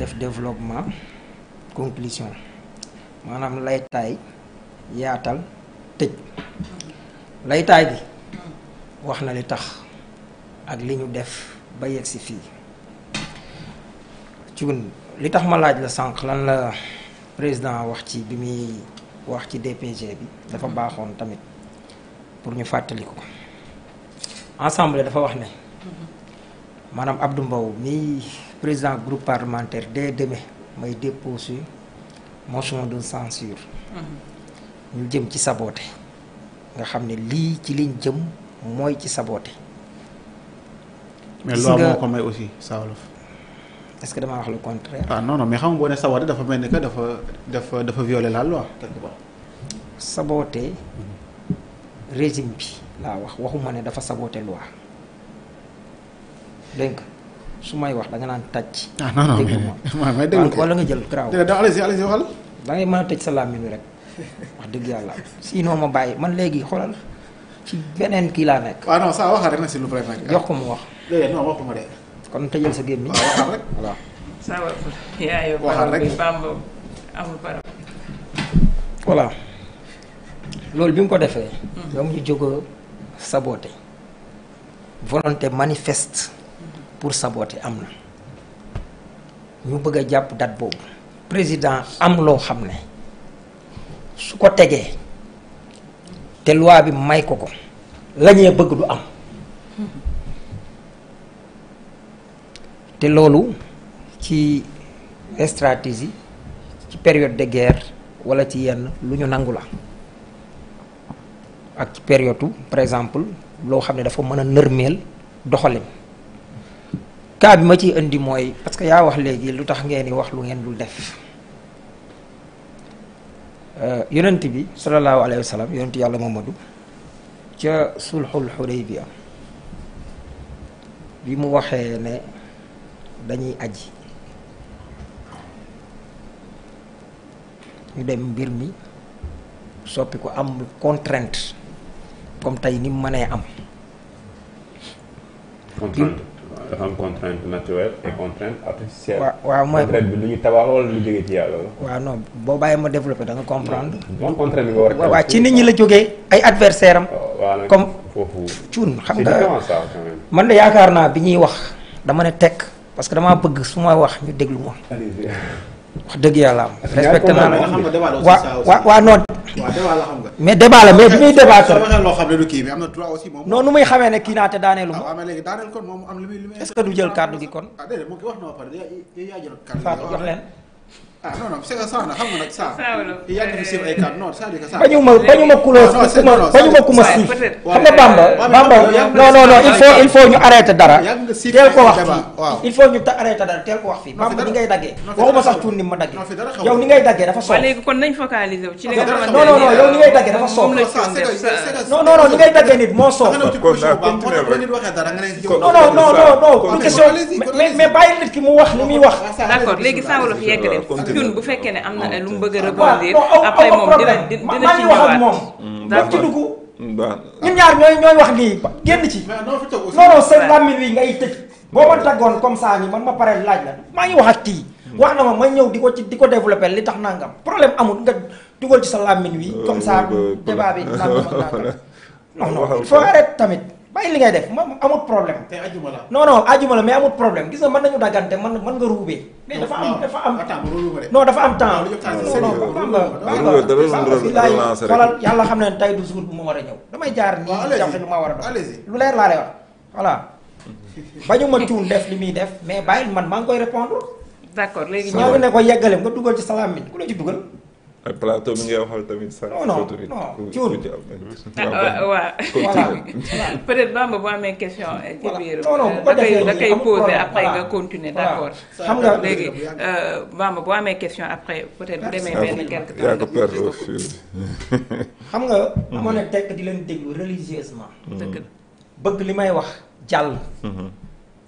def développement conclusion maanaam laytaay yaatal tëj laytaay bi wax na li tax ak li ñu def ba yegg si fii cuun li tax ma laaj la sànq lan la président wax ci bi muy wax ci DPG bi dafa mm-hmm. baaxoon tamit pour ñu fàttaliku ko ensemble dafa wax ne mm-hmm. maanaam abdu Mbow mi président groupe parlementaire dès demain may déposer motion de censure mm-hmm. ñu jëm ci saboté nga xam ne lii ci liñ jëm mooy ci saboté mais loi moo ko may aussi Saa Wolof que damaa wax le contraire. ah non non mais xam boo ne saboté dafa mel ni que dafa dafa dafa violer laal loi quelque part. saboté régime bi laa wax waxuma ne dafa saboté loi. dégg nga su may wax danga naan taj ah non non mais wala nga jël garaaw. allez allez waxal. da ngay mën a tëj sa làmmiñ rek wax dëgg yàlla sinon ma bàyyi man léegi xoolal ci beneen kii laa nekk. waaw ah, non saa waxal rek na si lu bëri nag. jox ko wax. déedéet de. kon tëjal sa gémmiñ. waaw waxal rek loolu bi mu ko defee. ba mm. mu ñu jóg a saboté volonté pour saboter am na ñu bëgg a jàpp date boobu président am loo xam ne su ko tegee te loi bi may ko ko la ñee bëgg du am te loolu ci stratégie ci période de guerre walla ci yenn lu ñu nangu la ak ci période par exemple loo xam ne dafa mën a nërmeel doxalin. cas bi ma ciy indi mooy parce que yaa wax léegi lu tax ngeen wax lu ngeen lu def euh, yonent bi sallallahu alayhi wa sallam yonent yàlla Mamadu ca sulxul xudaybiya bi mu waxee ne dañuy aji ñu dem mbir mi soppi ko am contrainte comme tey ni mu mënee am. dafa am contrainte naturelle et mooy lu ñu tabax boo bàyyi ma développé da nga comprendre. moom a. waaw ci nit ñi la jógee ay adversaire oh, comme cuun xam nga man na yaakaar naa bi ñuy wax dama ne tekk parce que damaa bëgg su ma wax ñu déglu ma. wax dëgg yàlla am. respecté naa la waaw waaw non. waaw débat la xam nga. mais débat la mais bi muy débattre. loo xam ne du kii mais am na droit aussi muy xamee ne kii naa te daaneelu ma. Ah, moom am lu muy lu muy. est-ce que du jël kàddu gi kon. ah déedéet wax na ba pare yaa jël kàddu gi. Fatou leen. ah non non c'est que ma bañu ma ku ma bañu ma xam nga Bamba Bamba non il faut il faut ñu arrêté dara. teel ko wax fii il faut ñu ta arrêté dara teel ko wax fii. Bamba ni ngay daggee waxuma sax tuun ni ma daggee. yow ni ngay daggee dafa soof. léegi kon ni ngay daggee nit moo soof. non non non non question mais mais bàyyi nit ki mu wax ni muy wax. ñun bu fekkee ne am na oh, lu mu bëgg a rebondir après moom dina dina ci ñëwaat moom ci dugg ñun ñaar ñooy ñooy wax lii génn ci non non sa làmmiñ wi ngay tëj boo ma taggoon comme ça ni man ma pare laaj la maa ngi wax ak kii hmm. wax na ma may ñëw di ko ci di ko développé li tax nangam problème amul nga dugal ci sa làmmiñ wi comme ça débat bi nangam non non il faut arrêter tamit bàyyi li ngay def ma amut problème. te ajuma la non non ajuma la mais amut problème gis nga mën nañu daggante mën mën nga ruubee. mais dafa am dafa am non dafa am temps. non yàlla a ñëw damay jaar nii jafe lu ma war a dox lu leer laa lay wax voilà bañu ma tuun def li muy def mais bàyyil man maa ngi koy répondre d'accord léegi ñëw ne ko yeggale nga dugal ci salaam mi ku la ci dugal plateau bi ngay waxal tamit. sax tamit tuuti tuuti peut-être Bamba bu amee question. ci biir da koy da koy posé après nga continuer d'accord. xam nga léegi Bamba tekk di leen déglu religieusement. Mm-hmm. dëgg bëgg li may wax jàll. Mm-hmm.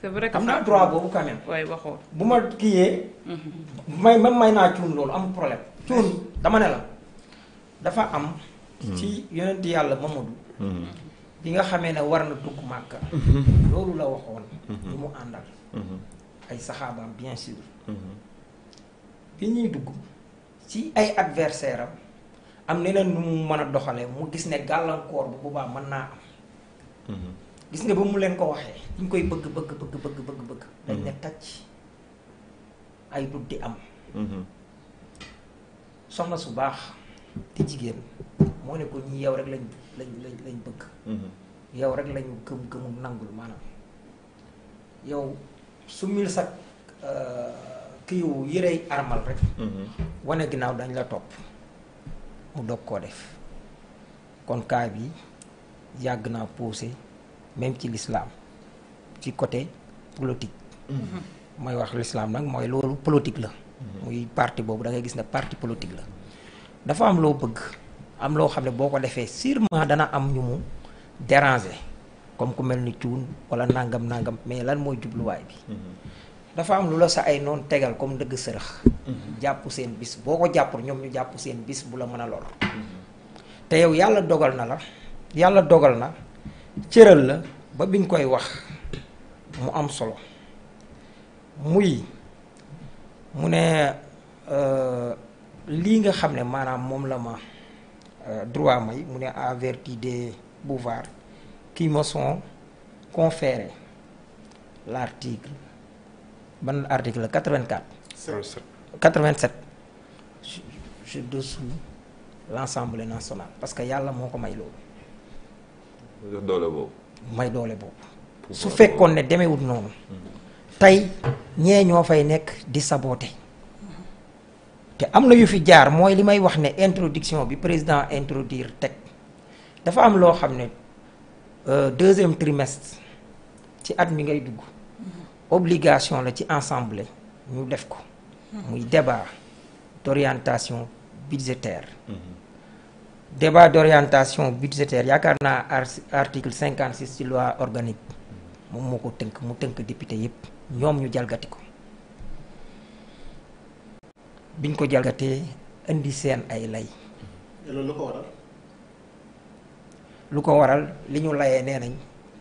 c'est vrai que am naa droit boobu quand même. waaye waxoon bu ma kiiyee. Mm-hmm. may même may naa cuun loolu am problème. cuun dama ne la dafa am hmm. ci yonent yàlla Mamadu hmm. bi nga xamee ne war na dugg màkka hmm. loolu la waxoon lu mu àndal ay saxaabaam bien ñuy dugg ci ay adversaire am am neneen lu mu mën a doxalee mu gis ne gàllankoor bu baax mën naa am gis nga ba mu leen ko waxee dañ koy bëgg bëgg bëgg bëgg bëgg bëgg dañ ne tàcc ay dut di am soxna su baax di jigéen moo ne ko ñii yow rek lañ lañ lañ lañ bëgg. Mm-hmm. yow rek lañu gëm gëmu nangul maanaam yow su mil sax euh, kii wu yërey armal rek. Mm-hmm. wane ginnaaw dañ la topp mu dog koo def kon kaa bi yàgg naa posé même ci lislaam ci côté politique. Mm-hmm. mooy wax lislaam nag mooy loolu politique la. Mhm. muy parti boobu da ngay gis ne parti politique la dafa am loo bëgg am loo xam ne boo ko defee sûrement dana am ñu mu déranger comme ku mel ni cuun wala nangam nangam mais lan mooy jubluwaay bi mhm. dafa am lu la sa ay noon tegal comme dëgg sërëx mhm. jàpp seen bis boo ko jàppul ñoom ñu jàpp seen bis bu la mën a lool te yow yàlla dogal na la yàlla dogal na cëral la ba bi nga koy wax mu am solo muy mu ne euh, lii nga xam ne maanaam moom la ma euh, droit may mu ne en vertu des pouvoirs qui me sont conférés l'article ban article 84. 87 87. je je dessous l'Assemblée nationale parce que yàlla moo ko may loolu. doole boobu. may doole boobu. su fekkoon ne demewut noonu. Mm-hmm. tey ñee ñoo fay nekk di saboté te am na yu fi jaar mooy li may wax ne introduction bi président introduire teg dafa am loo xam ne euh, deuxième trimestre ci at mi ngay dugg obligation la ci ensemble ñu def ko muy débat d'orientation budgétaire débat d'orientation budgétaire yaakaar naa article cinquante six ci loi organique moom mu ko tënk mu tënk député yépp ñoom ñu jalgati ko biñ ko jalgatee indi seen ay lay. loolu lu ko waral. li ñu layee nee nañ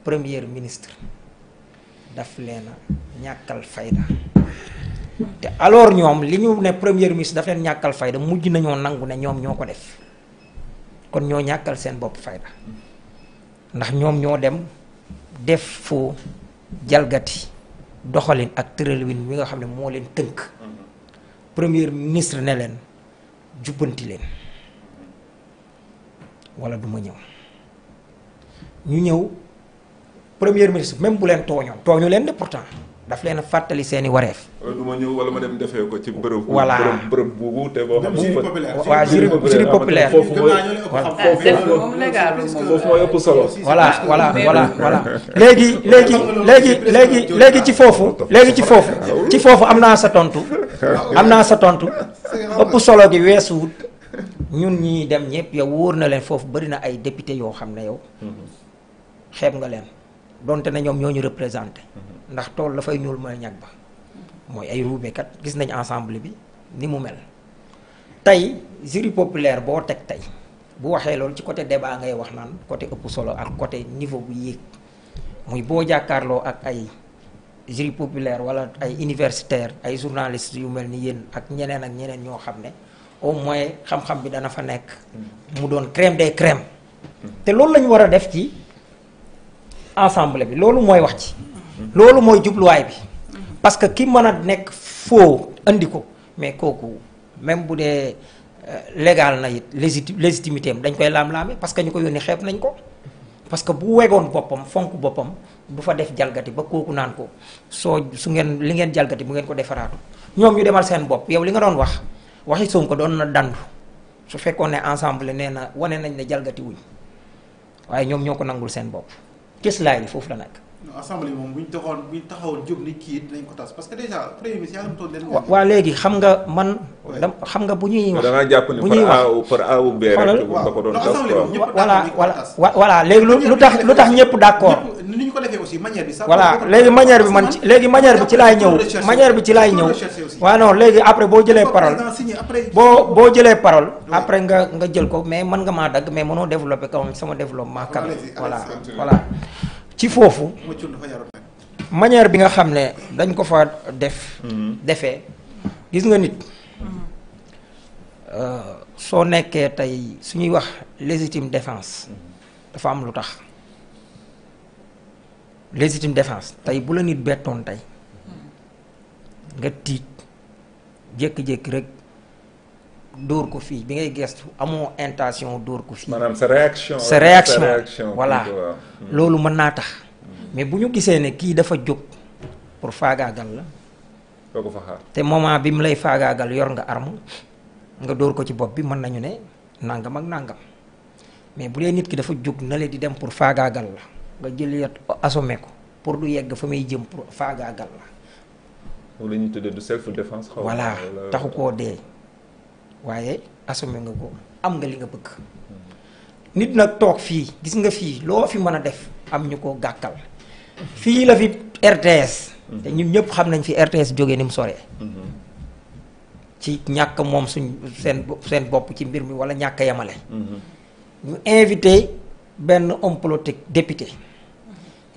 premier ministre daf leen a ñàkkal fayda te alors ñoom li ñu ne premier ministre daf leen ñàkkal fayda mujj nañoo nangu ne ñoom ñoo ko def kon ñoo ñàkkal seen bopp fayda ndax ñoom ñoo dem def foo jalgati. doxalin ak tëralwin wi nga xam ne moo leen tënk premier ministre ne leen jubbanti leen wala du ma ñëw ñu ñëw premier ministre même bu leen tooñoon tooñu leen de pourtant daf leen a fàttali seen i wareef. du ma ñëw wala ma dem defee ko ci bërëb. voilà bërëb bu boo xam. populaire waaw jury populaire foofu mooy ëpp solo voilà voilà voilà voilà léegi léegi léegi léegi léegi ci foofu léegi ci foofu ci foofu am naa sa tontu am naa sa tontu ëpp solo gi weesuwut ñun ñii dem ñëpp yow wóor na leen foofu bari na ay député yoo xam ne yow xeeb nga leen donte ne ñoom ñoo ñu représenté ndax tool dafay ñuul mooy ñag ba mooy ay ruubekat gis nañ ensemble bi ni mu mel tey jury populaire boo teg tey bu waxee loolu ci côté débat ngay wax naan côté ëpp solo ak côté niveau bu yéeg muy boo jàkkaarloo ak ay jury populaire wala ay universitaire ay journalistes yu mel ni yéen ak ñeneen ak ñeneen ñoo xam ne au moins xam-xam bi dana fa nekk. mu doon crème des crèmes. te loolu la ñu war a def ci ensemble bi loolu mooy wax ci. loolu mooy jubluwaay bi. parce que ki mën a nekk foo andi ko mais kooku même bu dee. Euh, légal na it légiti légitimité am dañ koy laam-laame parce que ñu ko yónni xeeb nañ ko parce que bu wegoon boppam fonk boppam du fa def jalgati ba kooku naan ko soo su ngeen li ngeen jalgati bu ngeen ko defaraatu ñoom ñu demal seen bopp yow li nga doon wax waxi ko doon na dandu su fekkoon ne ensemble nee na wane nañ ne jalgati wuñ waaye ñoom ñoo ko nangul seen bopp kës laay li foofu la nag assemblée moom bu ñu taxoon bu ñu taxawoon jóg ni kii dinañ ko tas parce que déjà premier ministre yàlla leen. waaw léegi xam nga man. xam nga bu ñuy wax. da ngaa jàpp ni par A par A ou B rek ba ko doon tas quoi voilà léegi lu tax lu tax ñëpp d'accord. ni ñu ko defee aussi manière bi sax. voilà léegi manière bi man ci léegi manière bi ci laay ñëw. manière bi ci laay ñëw. waaw non léegi après boo jëlee parole. boo boo jëlee parole. après nga nga jël ko mais mën nga maa dagg mais mënoo développer quand sama développement quand voilà voilà ci foofu manière bi nga xam ne dañ ko fa def hmm. defee gis nga nit euh, soo nekkee tey su ñuy wax légitime défense dafa am lu tax légitime defence tey bu la nit bettoon tey nga tiit jékki-jékki rek dóor ko fii bi ngay gestu amoo intention dóor ko fii. maanaam sa réaction. sa réaction hmm. loolu mën naa tax. Hmm. mais bu ñu gisee ne kii dafa jóg pour faagaagal la. doo ko fa te moment bi mu lay faagaagal yor nga arme nga dóor ko ci bopp bi mën nañu ne nangam ak nangam mais bu dee nit ki dafa jóg na le di dem pour faagaagal la nga jël yat assommé ko pour du yegg fa muy jëm pour faagaagal la. moom la ñuy du self défense. xaw voilà taxu koo dee. waaye assumé nga ko am nga li nga bëgg nit nag toog fii gis nga fii loo fi mën a def am ñu ko gàkkal fii la fi RTS te ñun ñëpp xam nañ fi RTS jógee ni mu soree ci ñàkk moom suñ seen bopp ci mbir mi wala ñàkk yemale ñu invité benn homme politique député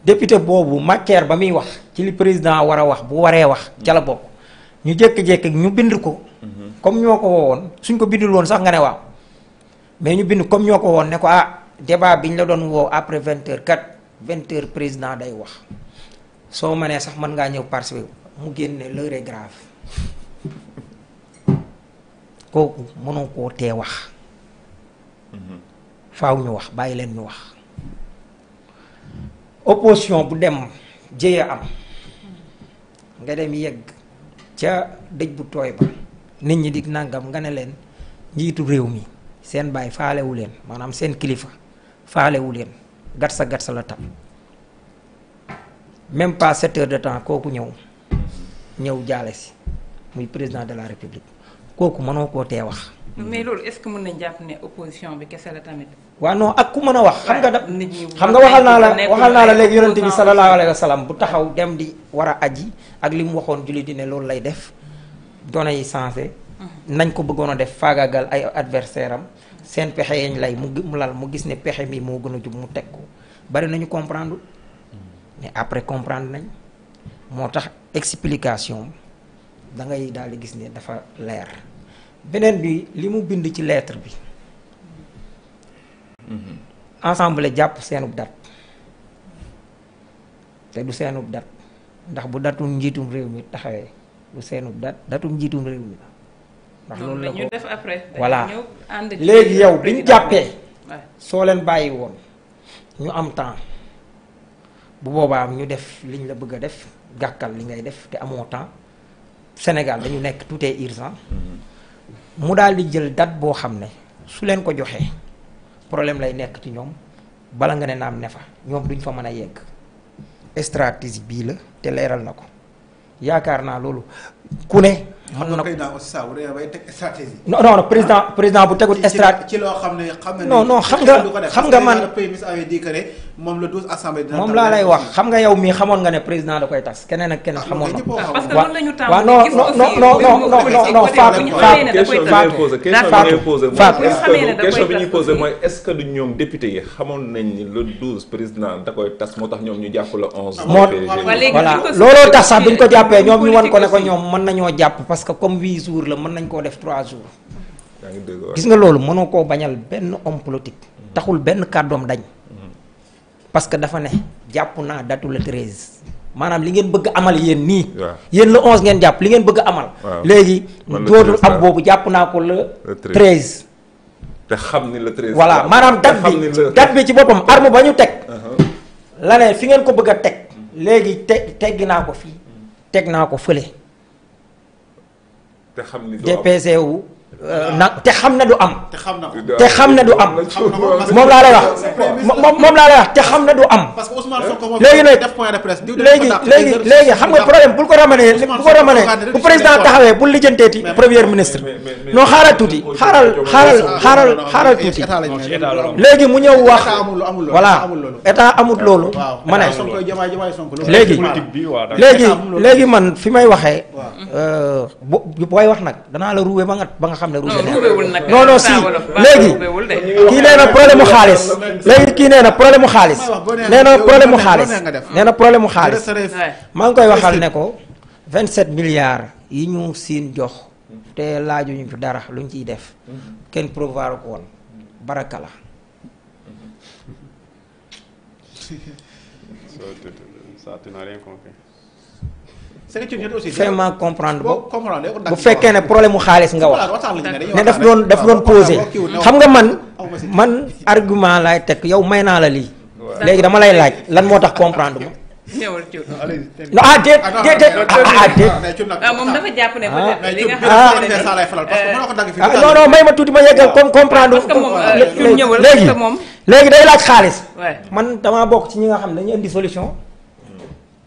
député boobu Macaire ba muy wax ci li président war a wax bu waree wax ca la bokk ñu jékki-jékki ñu bind ko comme ñoo ko woo woon suñ ko bindul woon sax nga ne waaw mais ñu bind comme ñoo ko woon ne ko ah débat bi ñu la doon woo après vingt heures kat vingt président day wax soo mënee sax mën ngaa ñëw participer mu génne l'heure grave kooku mënoo koo tee wax mhm. faw ñu wax bàyyi leen ñu wax opposition bu dem jéye am nga dem yegg ca dëj bu tooy ba nit ñi di nangam nga ne leen njiitu réew mi seen baay faalewu leen maanaam seen kilifa faalewu leen gatsa gatsa la tab même pas sept heures de temps kooku ñëw ñëw jaale si muy président de la république kooku mënoo koo tee wax. mais loolu est-ce que mën nañ jàpp ne bi kese la tamit. waaw ak ku mën a wax. xam nga da xam nga waxal naa la waxal naa la léegi yonent bi sallallahu alayhi wa bu taxaw dem di war a aji ak li mu waxoon julli di ne loolu lay def. données yi changé. nañ ko bëggoon a def faagaagal ay adversaire am seen pexe yañ lay mu lal mu gis ne pexe mi moo gën a jub mu teg ko bari nañu comprendre mais après comprendre nañ moo tax explication da ngay daal di gis ne dafa leer beneen bi li mu bind ci lettre bi. Mm-hmm. ensemble jàpp seenub dat te du seenub dat ndax bu datul njiitum réew mi taxawee. du seenu dat datum njiitum réew mi la. ndax loolu la ñu def après. voilà léegi yow bi ñu jàppee. soo leen bàyyi woon ñu am temps bu boobaam ñu def liñ la bëgg a def gàkkal li ngay def te amoo temps Sénégal dañu nekk tout est urgent mm-hmm. mu dal di jël date boo xam ne su leen ko joxee problème lay nekk ci ñoom bala nga ne naam am nefa ñoom duñ fa mën a yegg stratégie bii la te leeral na ko. yaakaar naa loolu ku ne. mën na ko non non président président bu tegut. stratégie ci loo xam ne xam nga. non non xam nga xam nga man moom la douze assemblée dina moom laa lay wax xam nga yow mii xamoon nga ne président da koy tas keneen ak keneen xamoon na parce que loolu la ñu tàmm non non non non non non Fatou Fatou Fatou question bi ñuy posé mooy est ce que du ñoom député yi xamoon nañ ni le douze président da koy tas moo tax ñoom ñu jàpp le onze moo ah, voilà looloo tax sax ko jàppee ñoom ñu wan ko ne ñoom mën nañoo jàpp parce que comme huit jours la mën nañ koo def trois jours gis nga loolu mënoo koo bañal benn homme politique taxul benn kàddoom dañ parce que dafa ne jàpp naa datu le treize maanaam li ngeen bëgg amal yéen nii. yéen le onze ngeen jàpp li ngeen bëgg amal. léegi dootul am boobu jàpp naa ko le. treize te xam le treize. voilà maanaam date bi date bi ci boppam arme ba ñu teg. Uh-huh. la ne fi ngeen ko bëgg a teg. léegi te teggi naa ko fii. Mm. teg naa ko fële. te Euh, nag te xam ne du am. te xam na xam ne du am. moom laa lay wax moom laa lay wax te xam ne du am. que Ousmane Sonko moom léegi nag def point de presse. léegi léegi léegi xam nga problème bul ko ramené bu ko ramené bu président taxawee bul lijjanteeti premier ministre. non xaaral tuuti xaaral xaaral xaaral xaaral tuuti. léegi mu ñëw wax. voilà état amul loolu. ma ne léegi léegi léegi man fi may waxee. Euh, bu booy wax nag danaa la ruwee ba nga ba nga xam. xam ne. rouge et non non si léegi kii nee na problème mu xaalis léegi kii nee na problème mu xaalis nee na problème mu xaalis nee na maa ngi koy waxal ne ko vingt 27 milliards yi ñu siin jox te laajuñu fi dara luñ ciy def kenn prévoir ko woon baraka la. vraiment comprendre ba bu fekkee ne problème mu xaalis nga wax ne daf doon daf doon posé xam nga man man argument laay teg yow may naa la lii léegi dama lay laaj lan moo tax comprendre ma ah, no ah déet déet déet ah, ah déet ah, moom dafa jàpp ne non non may ma tuuti ma yeggal comme moom euh, léegi léegi day laaj xaalis man damaa bokk ci ñi nga xam ne dañu indi solution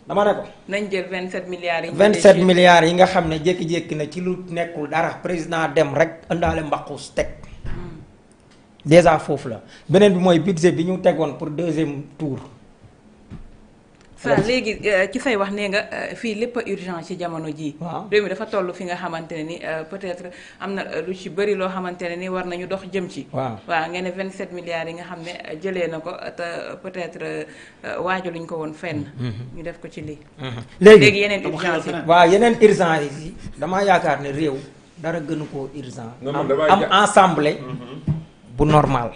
dama ne ko. nañ jël 27 milliards yi. 27 milliards yi nga xam ne jékki-jékki na ci lu nekkul dara président dem rek ëndaale mbaquus teg. Hmm. déjà foofu la beneen bi mooy budget bi ñu tegoon pour deuxième tour. sa léegi ci euh, say wax nee nga euh, fii lépp a urgent ci jamono jii. réew mi dafa toll fi nga xamante ne ni euh, peut-être am na lu ci bëri loo xamante ne ni war nañu dox jëm ci. waa waaw ngeen ne 27 milliards yi nga xam ne jëlee na ko peut-être luñ ko woon fenn. Mm-hmm. ñu def ko ci lii. Mm-hmm. léegi yeneen urgence yi waa yeneen urgence yi damaa yaakaar ne réew dara gënu koo urgent. am ensemble mm-hmm. bu normal.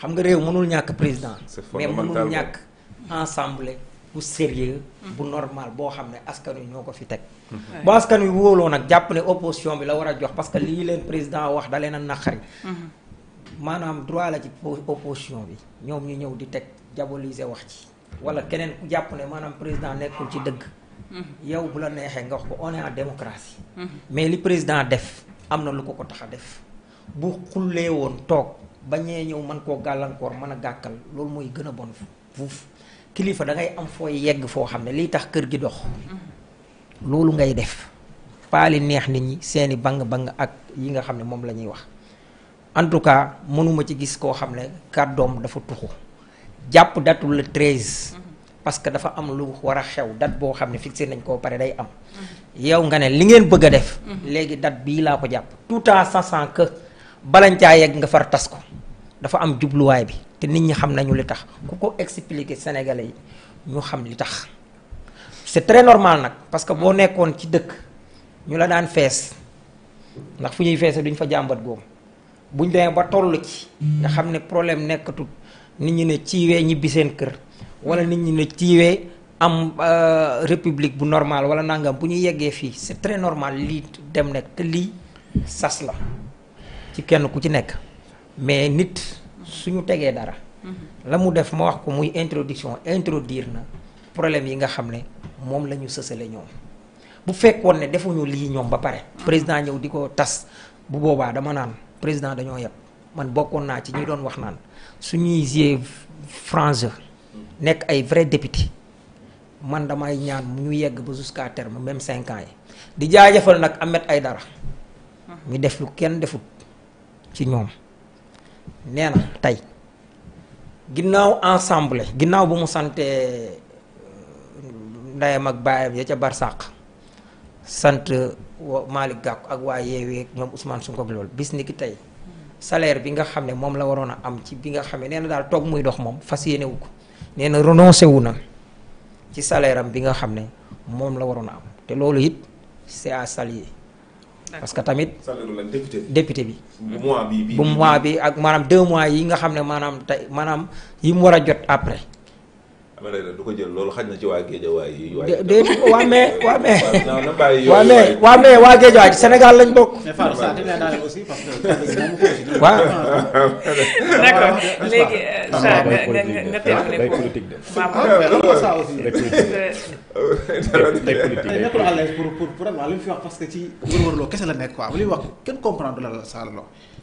xam nga réew mënul ñàkk président. mais mënul ñàkk. ensemble bu sérieux bu mm-hmm. normal boo xam ne askan wi ñoo ko fi teg mm-hmm. bu askan wi wóoloo nag jàpp ne opposition bi la war a jox parce que lii leen président wax da na a naqari mm-hmm. maanaam droit la ci opposition bi ñoom ñu ñëw di teg diaboliser wax ci wala keneen ku jàpp ne maanaam président nekkul ci dëgg yow bu la neexee nga wax ko on est en démocratie mais li président def am na lu ko ko tax a def bu xullee woon toog bañee ñëw mën koo gàllankoor mën a gàkkal loolu mooy gën a bon fu kilifa da ngay am foo yegg foo xam ne liy tax kër gi dox loolu ngay def paali neex nit ñi seeni bang-bang ak yi nga xam ne moom la ñuy wax en tout cas mënuma ci gis koo xam ne kàddoom dafa tuxu jàpp datul le 13 parce que dafa am lu war a xew dat boo xam ne fixé nañ koo pare day am yow nga ne li ngeen bëgg a def léegi dat bii laa ko jàpp tout en sachant que balañ caa yegg nga far tas ko dafa am jubluwaay bi te nit ñi xam nañu li tax ku ko expliquer sénégalais yi ñu xam li tax c'est très normal nag parce que boo nekkoon ci dëkk ñu la daan fees ndax fu ñuy feese duñ fa jàmbat góom buñ demee ba toll ci nga xam ne problème nekkatul nit ñi ne ciiwee ñibbi seen kër wala nit ñi ne ciiwee am euh, république bu normal wala nàngam bu ñu yeggee fii c'est très normal lii dem nekk te lii sas la ci kenn ku ci nekk mais nit suñu tegee dara la mu def ma wax ko muy introduction introduire na problème yi nga xam ne moom la ñu sësale ñoom bu fekkoon ne defuñu lii ñoom ba pare mm-hmm. président ñëw di ko tas bu boobaa dama naan président dañoo yeb man bokkoon naa ci ñi doon wax naan su ñuy yeux france nekk ay vrai député man damay ñaan mu ñu yegg ba jusqu'à terme même cinq ans yi di jaajëfal nag ay dara ñu def lu kenn defut ci ñoom nee na tey ginnaaw ensemble ginnaaw bu mu santee euh, ndeyam ak baayam ya ca barsàq sant wa Malick Gakou ak waa Yewwi ñoom Ousmane Sonko ak loolu bis ni tey salaire bi nga xam ne moom la waroon a am ci bi nga xam ne nee na daal toog muy dox moom fas yéene ko nee na renoncé wu na ci salaire bi nga xam ne moom la waroon a am te loolu it c'est à saluer parce que tamit député bi bu mois bi ak maanaam deux mois yi nga xam ne maanaam tey maanaam yi mu war a jot après ma ne la du ko jël loolu xaj na ci waa Géejawaay yi. waa mais waa mais. waa mais waa mais waa Géejawaay ci Sénégal lañ bokk. mais Fallou Sarr dina daal aussi parce que. waaw. d'accord léegi Sarr nga nga tënkale ko. pour pour vraiment li mu fi wax parce que ci wër-wër loo kese la nekk quoi bu ñuy wax kenn comprendre la la Sarr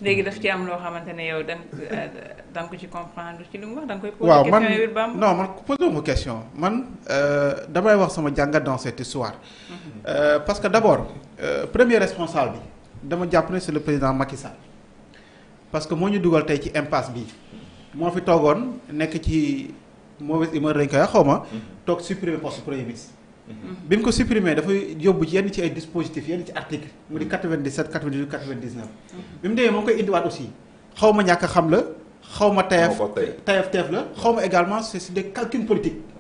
léegi daf ci am loo xamante ne yow da nga da nga ko ci comprendre ci li mu wax da nga koy. waaw man non man ma question man euh, damay wax sama jàngat dans cette histoire euh, parce d' abord euh, premier responsable bi dama jàpp ne c' est le président Macky Sall parce que moo ñu dugal tey ci impasse bi moo fi toogoon nekk ci mauvaise humeur dañ koy xaw ma toog supprimer poste premier ministre bi mu ko supprimer dafa yóbbu ci yenn ci ay dispositifs yenn ci article mu di 97 bi mu demee moo koy indiwaat aussi xaw ñàkk xam la xaw ma tayef tayef teef la xaw ma également c'est des calculs politiques